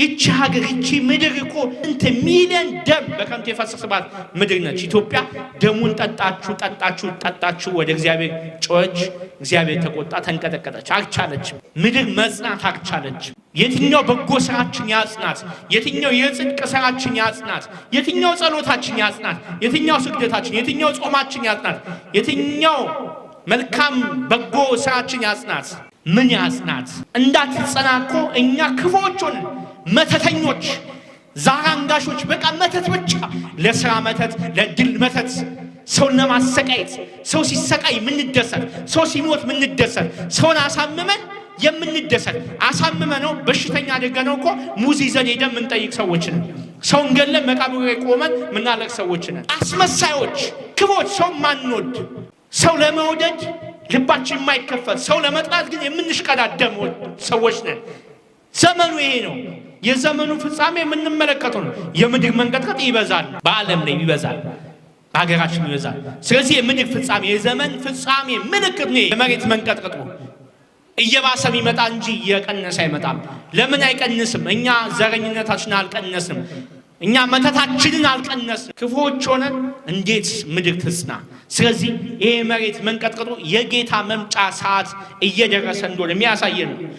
ይቺ ሀገር ይቺ ምድር እኮ እንት ሚሊዮን ደም በከንቱ የፈሰሰባት ምድር ነች ኢትዮጵያ። ደሙን ጠጣችሁ ጠጣችሁ ጠጣችሁ። ወደ እግዚአብሔር ጮች፣ እግዚአብሔር ተቆጣ፣ ተንቀጠቀጠች፣ አልቻለች። ምድር መጽናት አልቻለች። የትኛው በጎ ስራችን ያጽናት? የትኛው የጽድቅ ስራችን ያጽናት? የትኛው ጸሎታችን ያጽናት? የትኛው ስግደታችን? የትኛው ጾማችን ያጽናት? የትኛው መልካም በጎ ስራችን ያጽናት? ምን ያጽናት? እንዳትጸና እኮ እኛ ክፎች ሆነን መተተኞች፣ ዛራንጋሾች፣ በቃ መተት ብቻ ለስራ መተት፣ ለድል መተት፣ ሰውን ለማሰቃየት ሰው ሲሰቃይ ምንደሰት፣ ሰው ሲሞት ምንደሰት፣ ሰውን አሳምመን የምንደሰት አሳምመ ነው በሽተኛ አደገ ነው እኮ ሙዝ ይዘን ሄደን የምንጠይቅ ሰዎች ነን። ሰውን ገለን መቃብር ላይ ቆመን የምናለቅ ሰዎች ነን። አስመሳዮች፣ ክቦች፣ ሰው ማንወድ ሰው ለመውደድ ልባችን የማይከፈት ሰው ለመጥላት ግን የምንሽቀዳደም ሰዎች ነን። ዘመኑ ይሄ ነው። የዘመኑ ፍጻሜ የምንመለከተው ነው። የምድር መንቀጥቀጥ ይበዛል፣ በአለም ላይ ይበዛል፣ በሀገራችን ይበዛል። ስለዚህ የምድር ፍጻሜ የዘመን ፍጻሜ ምልክት ነው የመሬት መንቀጥቀጡ። እየባሰ ይመጣ እንጂ እየቀነሰ አይመጣም። ለምን አይቀንስም? እኛ ዘረኝነታችንን አልቀነስም። እኛ መተታችንን አልቀነስም። ክፉዎች ሆነ እንዴት ምድር ትጽና? ስለዚህ ይሄ መሬት መንቀጥቀጡ የጌታ መምጫ ሰዓት እየደረሰ እንደሆነ የሚያሳየ ነው።